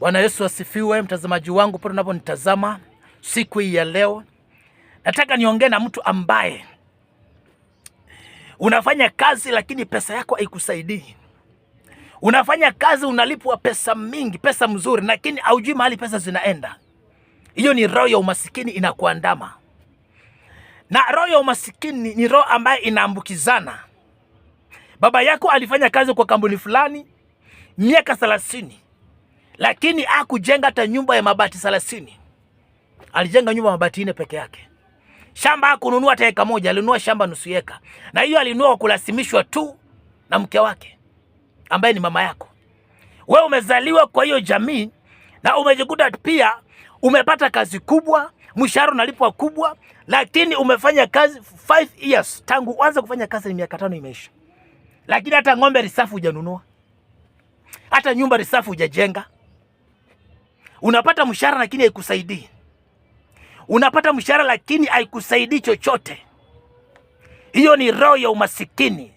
Bwana Yesu asifiwe, mtazamaji wangu pale unaponitazama siku hii ya leo, nataka niongee na mtu ambaye unafanya kazi lakini pesa yako haikusaidii. Unafanya kazi unalipwa pesa mingi, pesa mzuri, lakini haujui mahali pesa zinaenda. Hiyo ni roho ya umasikini inakuandama, na roho ya umasikini ni roho ambayo inaambukizana. Baba yako alifanya kazi kwa kampuni fulani miaka thelathini lakini hakujenga hata nyumba ya mabati thelathini. Alijenga nyumba ya mabati nne peke yake. Shamba hakununua hata eka moja, alinunua shamba nusu eka, na hiyo alinunua kwa kulasimishwa tu na mke wake ambaye ni mama yako wewe. Umezaliwa kwa hiyo jamii na umejikuta pia umepata kazi kubwa, mshahara unalipwa kubwa, lakini umefanya kazi 5 years tangu uanze kufanya kazi, ni miaka tano imeisha, lakini hata ng'ombe risafu hujanunua, hata nyumba risafu hujajenga. Unapata mshahara lakini haikusaidii. Unapata mshahara lakini haikusaidii chochote. Hiyo ni roho ya umasikini.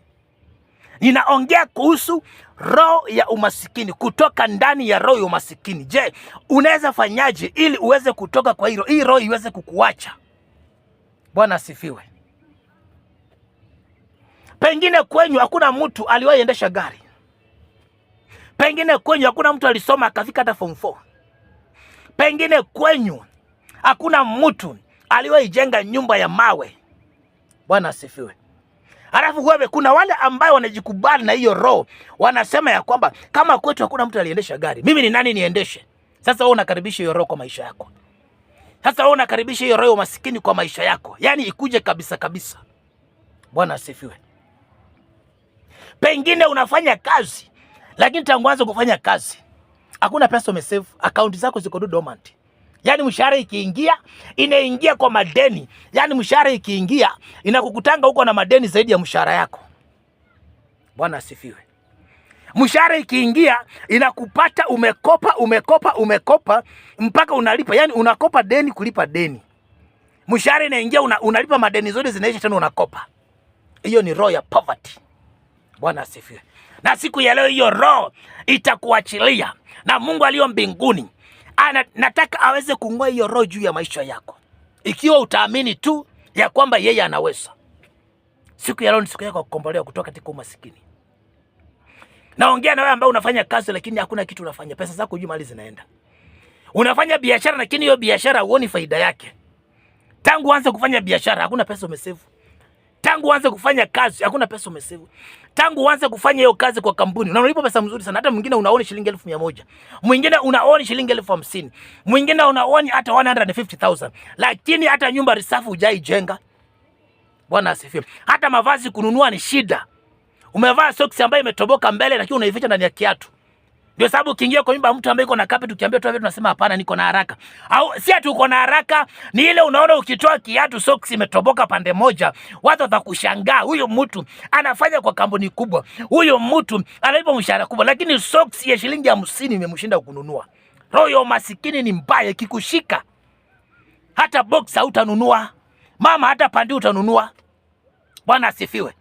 Ninaongea kuhusu roho ya umasikini, kutoka ndani ya roho ya umasikini. Je, unaweza fanyaje ili uweze kutoka kwa hilo, hii roho iweze kukuacha? Bwana asifiwe. Pengine kwenyu hakuna mtu aliwahi endesha gari, pengine kwenyu hakuna mtu alisoma akafika hata form 4. Pengine kwenyu hakuna mtu aliyoijenga nyumba ya mawe. Bwana asifiwe. Halafu wewe, kuna wale ambao wanajikubali na hiyo roho, wanasema ya kwamba kama kwetu hakuna mtu aliendesha gari, mimi ni nani niendeshe? Sasa wewe unakaribisha hiyo roho kwa maisha yako. Sasa wewe unakaribisha hiyo roho ya umasikini kwa maisha yako, yaani ikuje kabisa kabisa. Bwana asifiwe. Pengine unafanya kazi, lakini tangu anza kufanya kazi hakuna pesa umesave, akaunti zako ziko dormant. Yaani mshahara ikiingia inaingia kwa madeni, yaani mshahara ikiingia inakukutanga huko na madeni zaidi ya mshahara yako. Bwana asifiwe. Mshahara ikiingia inakupata umekopa, umekopa, umekopa mpaka unalipa, yaani unakopa deni kulipa deni. Mshahara inaingia una, unalipa madeni zote zinaisha, tena unakopa. Hiyo ni roho ya poverty. Bwana asifiwe na siku ya leo hiyo roho itakuachilia na Mungu aliyo mbinguni ana, nataka aweze kung'oa hiyo roho juu ya maisha yako, ikiwa utaamini tu ya kwamba yeye anaweza. Siku ya leo ni siku yako ya kukombolewa kutoka katika umasikini. Naongea na wewe ambaye unafanya kazi lakini hakuna kitu unafanya, pesa zako juu mali zinaenda. Unafanya biashara lakini hiyo biashara huoni faida yake. Tangu anza kufanya biashara hakuna pesa umesevu tangu uanze kufanya kazi hakuna pesa umesave. Tangu uanze kufanya hiyo kazi kwa kampuni unalipa pesa mzuri sana, hata mwingine unaoni shilingi elfu mia moja mwingine unaoni shilingi elfu hamsini mwingine unaoni hata 150,000 lakini hata nyumba risafu hujaijenga. Bwana asifiwe. Hata mavazi kununua ni shida. Umevaa soksi ambayo imetoboka mbele, lakini unaificha ndani ya kiatu. Ndio sababu ukiingia kwa nyumba mtu ambaye iko na carpet ukiambia tu tunasema hapana, niko na haraka. Au si ati uko na haraka, ni ile unaona ukitoa kiatu socks imetoboka pande moja, watu watakushangaa, huyo mtu anafanya kwa kampuni kubwa, huyo mtu analipa mshahara kubwa, lakini socks ya shilingi hamsini imemshinda kununua. Roho ya masikini ni mbaya, ikikushika hata box hautanunua, mama hata pandi utanunua. Bwana asifiwe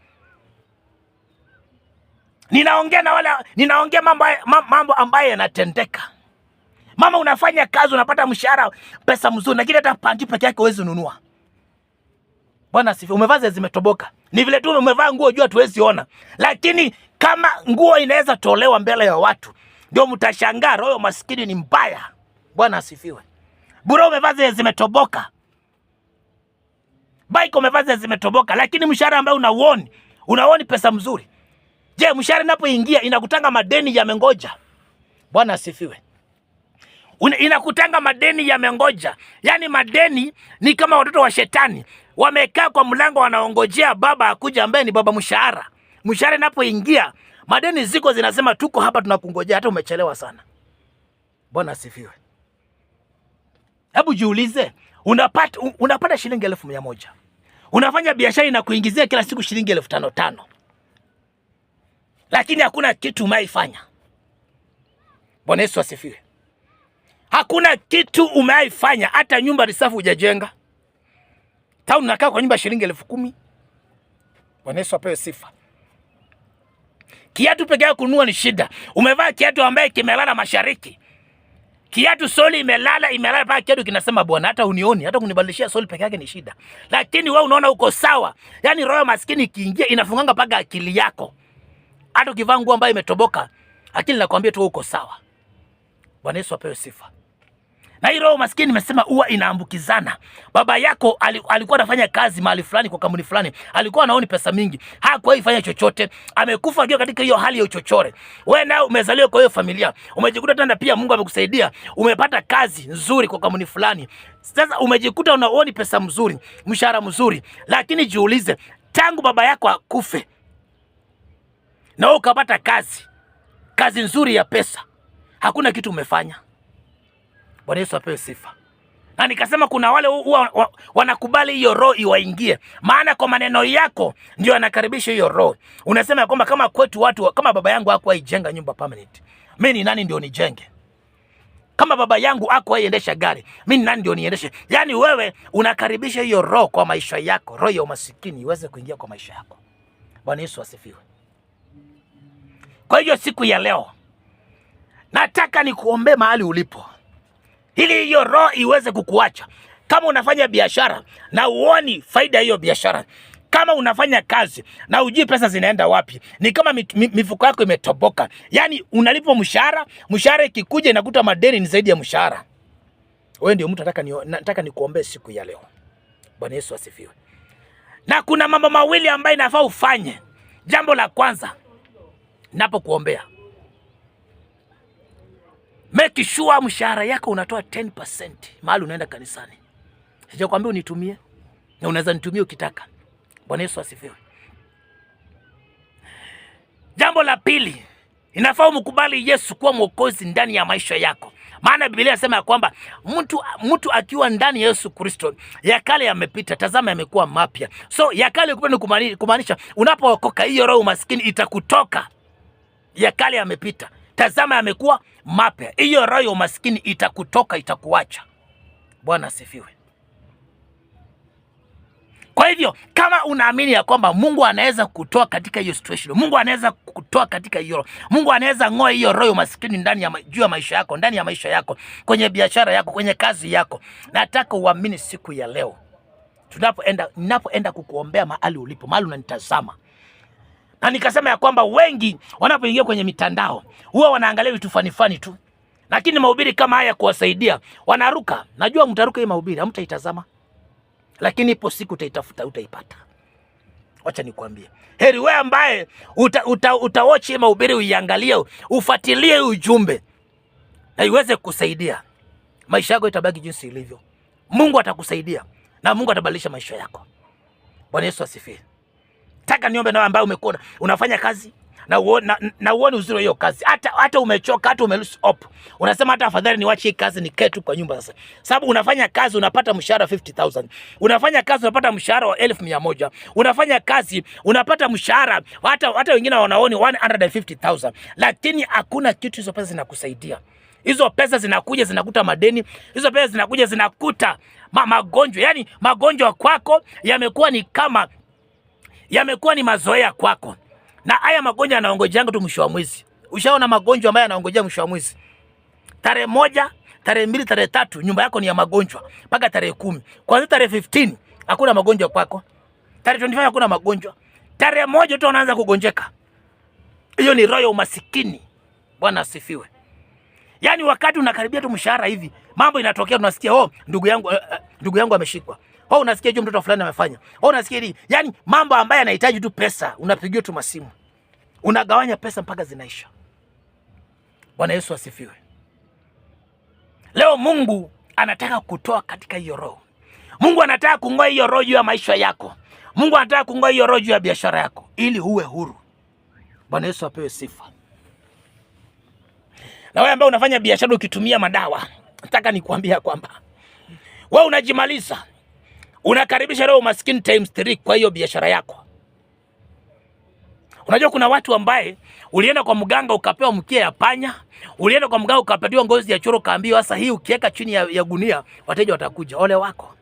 ninaongea na wale, ninaongea mambo, mambo ambayo yanatendeka. Mama, unafanya kazi unapata mshahara, pesa mzuri, lakini hata panti peke yake huwezi nunua. Bwana sifi, umevaa zimetoboka, ni vile tu umevaa nguo juu hatuwezi ona, lakini kama nguo inaweza tolewa mbele ya watu, ndio mtashangaa roho maskini ni mbaya. Bwana asifiwe. Bure umevaa zile zimetoboka, bike umevaa zile zimetoboka, lakini mshahara ambao unauoni, unauoni pesa mzuri Je, mshahara inapoingia inakutanga madeni yamengoja? Bwana asifiwe. Inakutanga madeni yamengoja, yaani madeni ni kama watoto wa shetani wamekaa kwa mlango, wanaongojea baba akuja, ambaye ni baba mshahara. Mshahara inapoingia madeni ziko zinasema, tuko hapa tunakungojea, hata umechelewa sana. Bwana asifiwe. Hebu jiulize, unapata unapata shilingi elfu mia moja unafanya biashara inakuingizia kila siku shilingi elfu tano tano lakini hakuna kitu umeifanya. Bwana Yesu asifiwe. Hakuna kitu umeifanya, hata nyumba risafu hujajenga. tau, nakaa kwa nyumba shilingi elfu kumi. Bwana Yesu apewe sifa. Kiatu peke yake kununua ni shida. Umevaa kiatu ambaye kimelala mashariki, kiatu soli imelala imelala paka kiatu kinasema Bwana, hata unioni, hata kunibadilishia soli peke yake ni shida, lakini wewe unaona uko sawa. Yani roho maskini ikiingia inafunganga paka akili yako hata ukivaa nguo ambayo imetoboka, lakini nakwambia tu uko sawa. Bwana Yesu apewe sifa. Na hii roho maskini nimesema huwa inaambukizana. Baba yako alikuwa anafanya kazi mahali fulani kwa kampuni fulani, alikuwa anaoni pesa mingi, hakuwahi fanya chochote, amekufa akiwa katika hiyo hali ya uchochore. Wewe nao umezaliwa kwa hiyo familia, umejikuta tena pia Mungu amekusaidia, umepata kazi nzuri kwa kampuni fulani, sasa umejikuta unaoni pesa mzuri, mshahara mzuri, lakini jiulize, tangu baba yako akufe na wewe ukapata kazi, kazi nzuri ya pesa, hakuna kitu umefanya. Bwana Yesu apewe sifa. Na nikasema kuna wale huwa wanakubali hiyo roho iwaingie, maana kwa maneno yako ndio anakaribisha hiyo roho. Unasema ya kwamba kama kwetu watu kama baba yangu hakuwa ijenga nyumba permanent, mimi ni nani ndio nijenge? Kama baba yangu ako aiendesha gari, mimi ni nani ndio niendeshe? Yani wewe unakaribisha hiyo roho kwa maisha yako, roho ya umasikini iweze kuingia kwa maisha yako. Bwana Yesu asifiwe. Kwa hiyo siku ya leo nataka nikuombee mahali ulipo, ili hiyo roho iweze kukuacha. Kama unafanya biashara na uoni faida hiyo biashara, kama unafanya kazi na ujui pesa zinaenda wapi, ni kama mifuko yako imetoboka. Yaani unalipwa mshahara, mshahara ikikuja inakuta madeni ni zaidi ya mshahara. Wewe ndio mtu nataka ni, nataka nikuombee siku ya leo. Bwana Yesu asifiwe. Na kuna mambo mawili ambayo inafaa ufanye. Jambo la kwanza napokuombea, make sure mshahara yako unatoa 10% mahali unaenda kanisani. Sijakwambia unitumie, na unaweza nitumie ukitaka. Bwana Yesu asifiwe. Jambo la pili, inafaa umkubali Yesu kuwa mwokozi ndani ya maisha yako, maana Biblia inasema ya kwamba mtu, mtu akiwa ndani ya Yesu Kristo ya kale yamepita, tazama yamekuwa mapya. So ya kale kumaanisha unapookoka hiyo roho umaskini itakutoka ya kale yamepita, tazama yamekuwa mapya. Hiyo roho ya umaskini itakutoka, itakuacha. Bwana asifiwe. Kwa hivyo kama unaamini ya kwamba Mungu anaweza kutoa katika hiyo situation, Mungu anaweza kutoa katika hiyo, Mungu anaweza ng'oa hiyo roho maskini ndani ya juu ya maisha yako, ndani ya maisha yako, kwenye biashara yako, kwenye kazi yako, nataka uamini siku ya leo tunapoenda, ninapoenda kukuombea mahali ulipo, mahali unanitazama, na nikasema ya kwamba wengi wanapoingia kwenye mitandao huwa wanaangalia vitu fani fani tu, lakini mahubiri kama haya kuwasaidia wanaruka. Najua mtaruka hii mahubiri, hamtaitazama lakini ipo siku utaitafuta, utaipata. Wacha nikwambie, heri wewe ambaye uta, uta, utawochi mahubiri uiangalie, ufuatilie ujumbe na iweze kusaidia maisha yako, itabaki jinsi ilivyo. Mungu atakusaidia na Mungu atabadilisha maisha yako. Bwana Yesu asifiwe taka niombe nawe ambaye umekuona unafanya kazi na uone na, na uone uzuri hiyo kazi, hata hata umechoka, hata ume lose hope, unasema hata afadhali niwache hii kazi nikae tu kwa nyumba sasa. Sababu unafanya kazi unapata mshahara 50000 unafanya kazi unapata mshahara wa 1100 unafanya kazi unapata mshahara hata hata wengine wanaoni 150000 lakini hakuna kitu, hizo pesa zinakusaidia hizo pesa zinakuja zinakuta madeni, hizo pesa zinakuja zinakuta ma magonjwa. Yani magonjwa kwako yamekuwa ni kama yamekuwa ni mazoea kwako, na haya magonjwa yangu tu mwisho wa mwezi. Ushaona magonjwa ambayo yanaongojea mwisho wa mwezi, tarehe moja, tarehe mbili, tarehe tatu, nyumba yako ni ya magonjwa mpaka tarehe kumi. Kwanza tarehe 15 hakuna magonjwa kwako, tarehe 25 hakuna magonjwa, tarehe moja tu unaanza kugonjeka. Hiyo ni roho ya umasikini. Bwana asifiwe. Yaani wakati unakaribia tu mshahara hivi mambo inatokea, tunasikia oh, ndugu yangu, eh, eh, ndugu yangu ameshikwa oh, unasikia hiyo mtoto fulani amefanya, oh, unasikia hili. Yaani mambo ambayo yanahitaji tu pesa, unapigiwa tu masimu, unagawanya pesa mpaka zinaisha. Bwana Yesu asifiwe. Leo Mungu anataka kutoa katika hiyo roho. Mungu anataka kung'oa hiyo roho juu ya maisha yako. Mungu anataka kung'oa hiyo roho juu ya biashara yako ili uwe huru. Bwana Yesu apewe sifa. Na wewe ambaye unafanya biashara ukitumia madawa, nataka nikuambia kwamba wewe unajimaliza unakaribisha leo umaskini times 3 kwa hiyo biashara yako. Unajua kuna watu ambaye ulienda kwa mganga ukapewa mkia ya panya, ulienda kwa mganga ukapatiwa ngozi ya choro, kaambiwa sasa hii ukiweka chini ya, ya gunia wateja watakuja. Ole wako,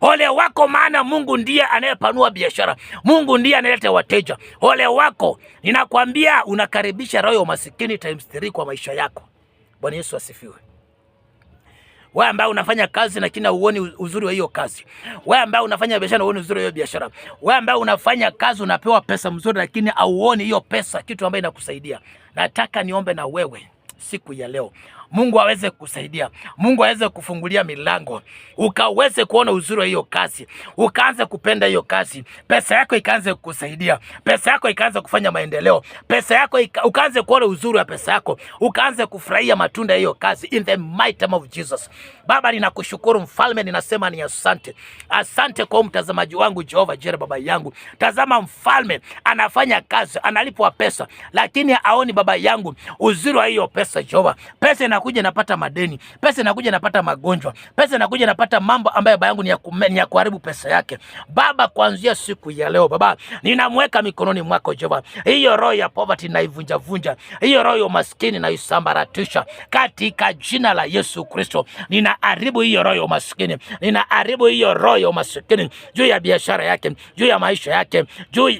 ole wako, maana Mungu ndiye anayepanua biashara, Mungu ndiye analeta wateja. Ole wako, ninakwambia unakaribisha roho ya umasikini times 3 kwa maisha yako. Bwana Yesu asifiwe wewe ambaye unafanya kazi lakini huoni uzuri wa hiyo kazi, wewe ambaye unafanya biashara uoni uzuri wa hiyo biashara, wewe ambaye unafanya kazi unapewa pesa mzuri lakini hauoni hiyo pesa kitu ambayo inakusaidia, nataka niombe na wewe siku ya leo. Mungu aweze kusaidia, Mungu aweze kufungulia milango, ukaweze kuona uzuri wa hiyo kazi, ukaanze kupenda hiyo kazi, pesa yako ikaanze kukusaidia, pesa yako ikaanze kufanya maendeleo, pesa yako ukaanze kuona uzuri wa pesa yako, ukaanze kufurahia matunda ya hiyo kazi, in the mighty name of Jesus. Baba, ninakushukuru mfalme, ninasema ni asante, asante kwa mtazamaji wangu Jehova Jire, baba yangu, tazama mfalme anafanya kazi, analipwa pesa, lakini aoni baba yangu uzuri wa hiyo pesa Jehova, pesa ina inakuja napata madeni, pesa inakuja napata magonjwa, pesa inakuja napata mambo ambayo baba yangu ni ya, kume, ni ya kuharibu pesa yake. Baba, kuanzia siku ya leo Baba ninamweka mikononi mwako Jehova. Hiyo roho ya poverty vunja, hiyo roho ya umaskini naisambaratisha katika jina la Yesu Kristo. Ninaharibu hiyo roho ya umaskini, ninaharibu hiyo roho ya umaskini juu ya biashara yake, juu ya maisha yake, juu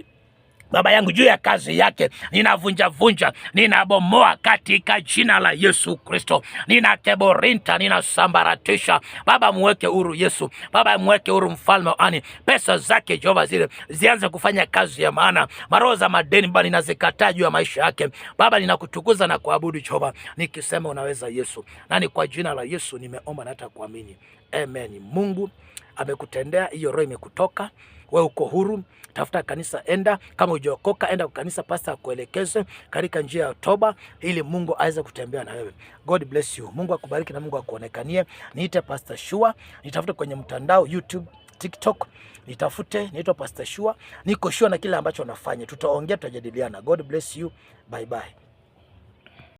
Baba yangu juu ya kazi yake ninavunjavunja, ninabomoa katika jina la Yesu Kristo, ninakeborinta, ninasambaratisha. Baba mweke huru Yesu, Baba mweke huru mfalme ani. Pesa zake Jehova zile zianze kufanya kazi ya maana. Maroho za madeni Baba ninazikataa juu ya maisha yake. Baba ninakutukuza na kuabudu Jehova nikisema unaweza Yesu, na ni kwa jina la Yesu nimeomba na hata kuamini, amen. Mungu amekutendea, hiyo roho imekutoka we uko huru, tafuta kanisa, enda. Kama hujaokoka, enda kanisa, pasta akuelekeze katika njia ya toba, ili Mungu aweze kutembea na wewe. God bless you, Mungu akubariki na Mungu akuonekanie. Niite Pastor Shua, nitafute kwenye mtandao YouTube, TikTok, nitafute, naitwa Pastor Shua. Niko Shua na kile ambacho nafanya, tutaongea, tutajadiliana. God bless you, bye bye.